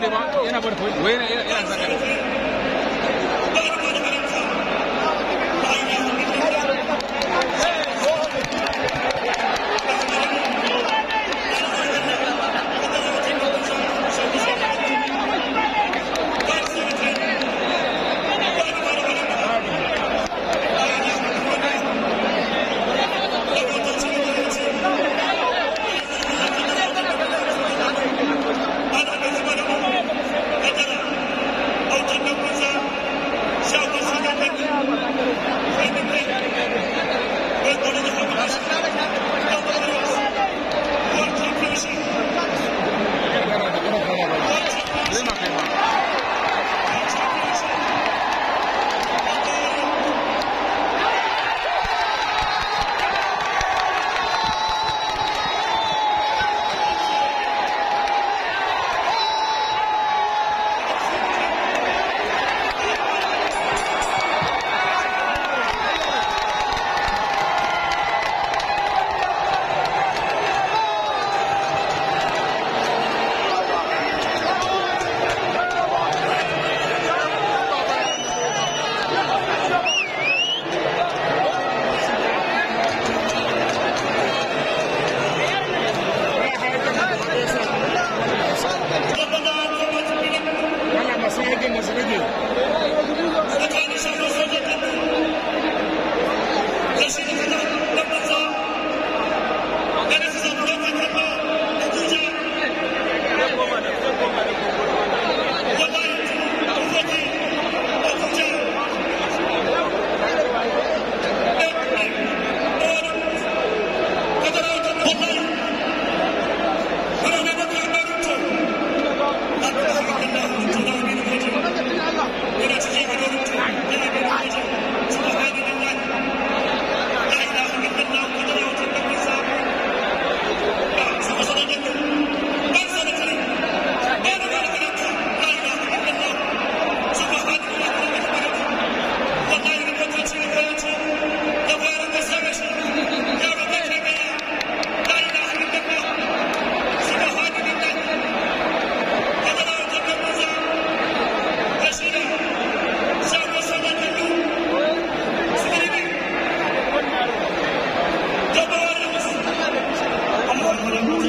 nema yana bar yana yana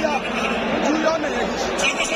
주야 주야네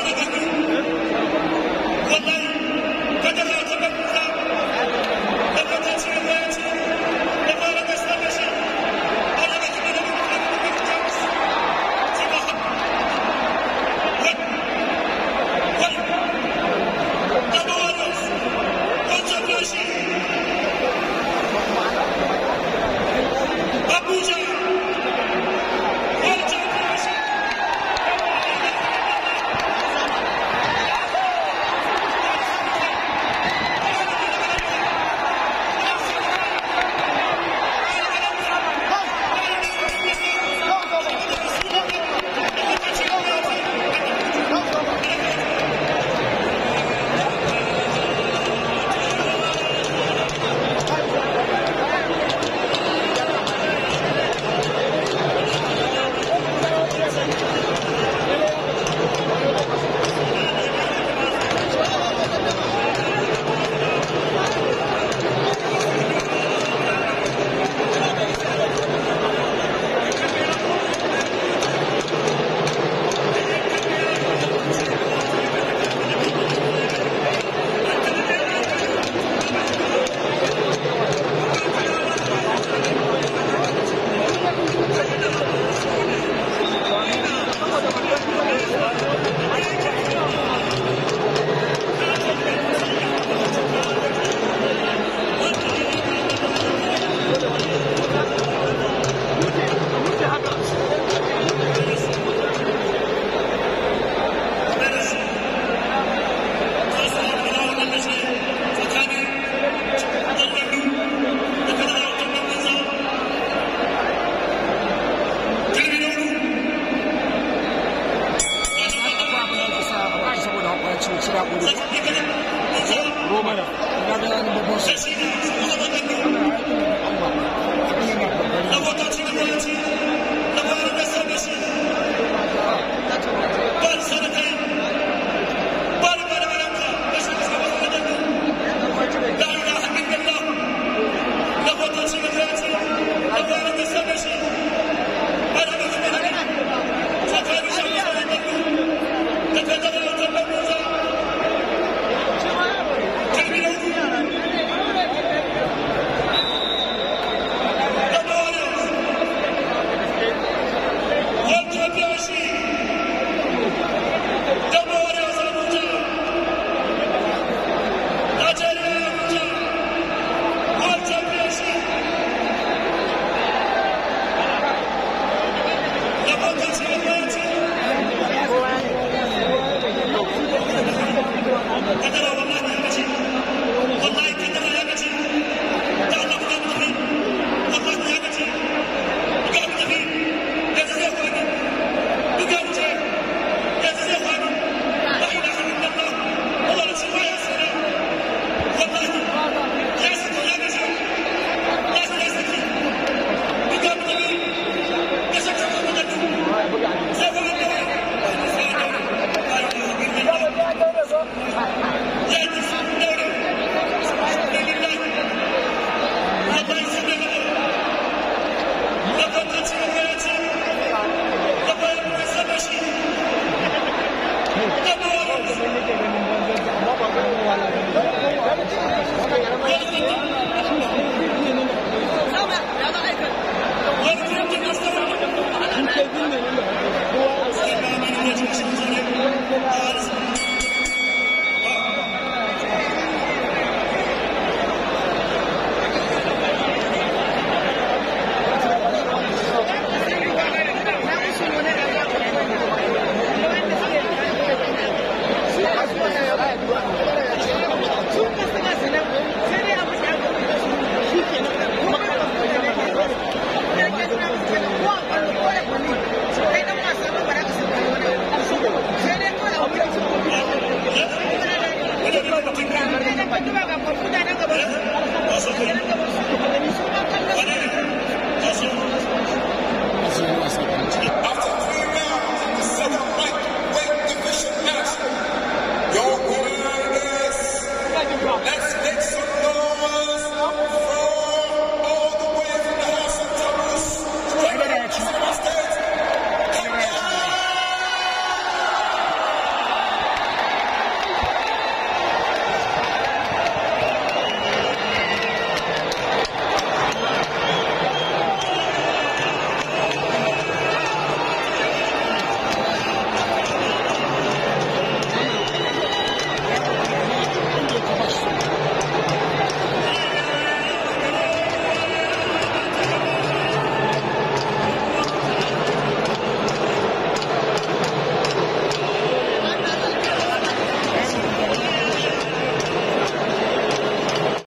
Gracias.